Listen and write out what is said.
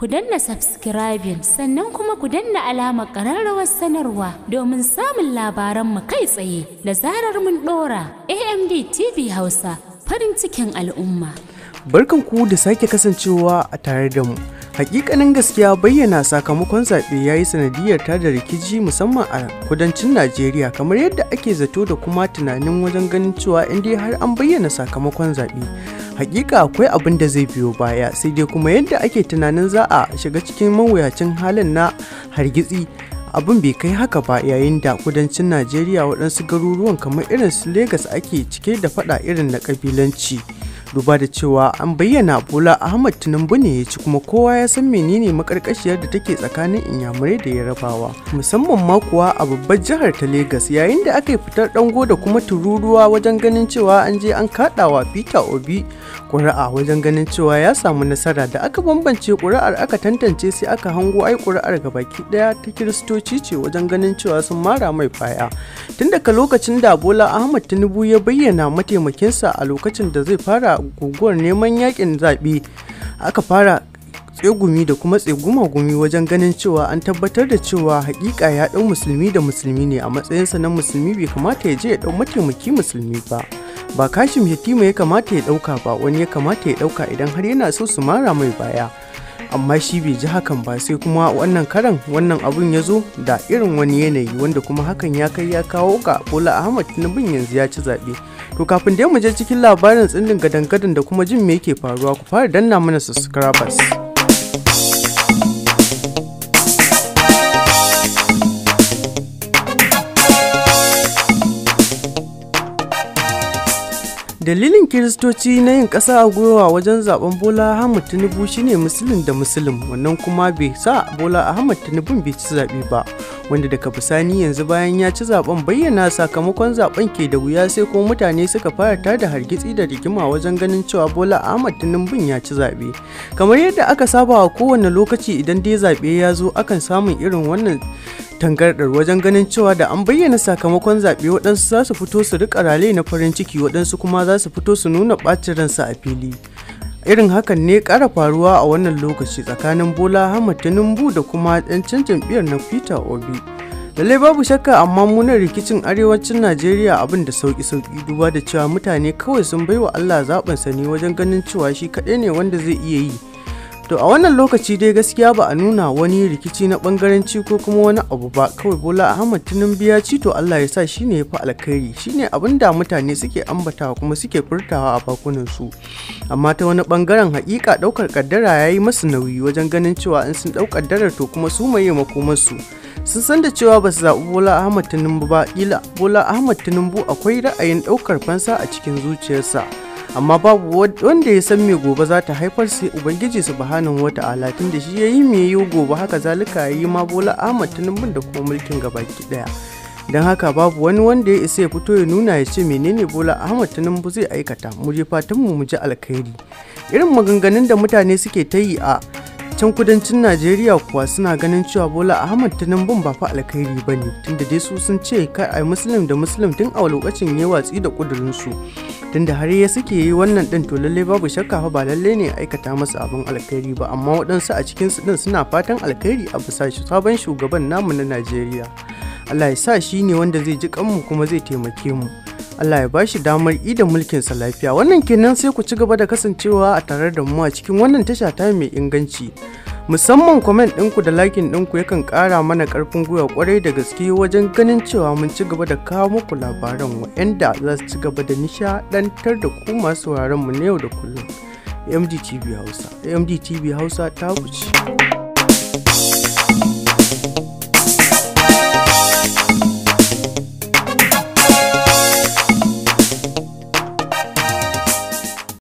ku danna subscribing sannan kuma ku danna alamar ƙararrawar sanarwa domin samun labaranmu kai tsaye da zarar mun ɗora amd tv hausa farin cikin al'umma barkan ku da sake kasancewa a tare da mu hakikanin gaskiya bayyana sakamakon zaɓe ya yi sanadiyar da rikici musamman a kudancin najeriya kamar yadda ake zato da kuma tunanin wajen ganin cewa in dai har an bayyana sakamakon zaɓe hakika akwai abin da zai biyo baya sai dai kuma yadda ake tunanin za a shiga cikin mawuyacin halin na hargitsi abin bai kai haka ba yayin da kudancin najeriya waɗansu garuruwan kamar irin su Legas ake cike da faɗa irin na kabilanci. duba da cewa an bayyana bola ahmad tinubu ne ya ci kuma kowa ya san menene makarkashiyar da take tsakanin inyamurai da yarabawa musamman ma kuwa a babbar jihar ta Legas, yayin da aka yi fitar dango da kuma tururuwa wajen ganin cewa an je an kaɗawa peter obi ƙuri'a wajen ganin cewa ya samu nasara da aka bambance ƙuri'ar aka tantance sai aka hango ai ga gabaki ɗaya ta kiristoci ce wajen ganin cewa sun mara mai faya tun daga lokacin da bola ahmad tinubu ya bayyana mataimakinsa a lokacin da zai fara guguwar neman yakin zaɓe aka fara tsegumi da kuma tseguma gumi wajen ganin cewa an tabbatar da cewa hakika ya ɗau musulmi da musulmi ne a matsayinsa na musulmi bai kamata ya je ya ɗau mataimaki musulmi ba ba kashim yatima ya kamata ya ɗauka ba wani ya kamata ya ɗauka idan har yana so su mara mai baya amma shi bai ji hakan ba sai kuma wannan karan wannan abun ya zo da irin wani yanayi wanda kuma hakan ya kai ya kawo ga bola ahmad tinubu yanzu ya ci zaɓe to kafin dai mu je cikin labarin tsindin gadan-gadan da kuma jin me yake faruwa ku fara danna mana subscribers dalilin kiristoci na yin ƙasa a gwiwa wajen zaben bola ahmad tinubu shine musulun da musulun wannan kuma bai sa bola ahmad tinubu bai ci zaɓe ba wanda daga bisani yanzu bayan ya ci zaben bayyana sakamakon zaben ke da wuya sai kuma mutane suka fara da hargitsi da rigima wajen ganin cewa bola ahmad tinubu ya ci zaɓe kamar yadda aka saba a kowane lokaci idan dai zaɓe ya zo akan samun irin wannan tangardar wajen ganin cewa da an bayyana sakamakon zaɓe waɗansu za su fito su riƙa rale na farin ciki waɗansu kuma za su fito su nuna ɓacin ransu a fili irin hakan ne ƙara faruwa a wannan lokaci tsakanin bola hamad tinubu da kuma ɗancin jam'iyyar na peter obi lallai babu shakka amma munar rikicin arewacin najeriya abin da sauki sauki duba da cewa mutane kawai sun baiwa allah zaɓinsa sani wajen ganin cewa shi kaɗai ne wanda zai iya yi to a wannan lokaci dai gaskiya ba a nuna wani rikici na bangaranci ko kuma wani abu ba kawai bola ahmad tinubu ya ci to allah ya sa shine ya fi alkhairi shine abin da mutane suke ambatawa kuma suke furtawa a bakunan su amma ta wani bangaren hakika daukar kaddara yayi masu nauyi wajen ganin cewa in sun dauka kaddarar to kuma su mai makomansu sun san da cewa ba su zaɓi bola ahmad tinubu ba kila bola ahmad tinubu akwai ra'ayin daukar fansa a cikin zuciyarsa amma babu wanda ya san me gobe za ta haifar sai ubangiji subhanahu wata'ala tun da shi ya yi me yiwu gobe haka zalika ya yi ma bola ahmad tinubu da kuma mulkin gabaki daya don haka babu wani wanda ya isa ya fito ya nuna ya ce menene bola ahmad tinubu zai aikata mu je fatan mu ji alkhairi irin maganganun da mutane suke ta yi a can kudancin najeriya kuwa suna ganin cewa bola ahmad tinubu ba fa alkhairi ba ne tunda dai su sun ce kar a muslim da muslim tun a lokacin ya watsi da kudurinsu da har ya suke yi wannan din to lallai babu shakka fa ba lalle ne aikata masa abin alkhairi ba amma waɗansu a cikin su din suna fatan alkhairi a bisa sabon shugaban namu na Najeriya Allah ya sa shi ne wanda zai ji kanmu kuma zai taimake mu Allah ya ba shi damar mulkin sa lafiya wannan kenan sai ku ci gaba da kasancewa a tare da mu a cikin wannan tasha ta mai inganci musamman kwamen ɗinku da Lakin ɗinku yakan ƙara mana ƙarfin gwiwa ƙwarai da gaske wajen ganin cewa mun ci gaba da kawo muku labaran waɗanda za su ci gaba da nishaɗantar da ku masu mu na yau da kullum mdtv hausa mdtv hausa ta wuce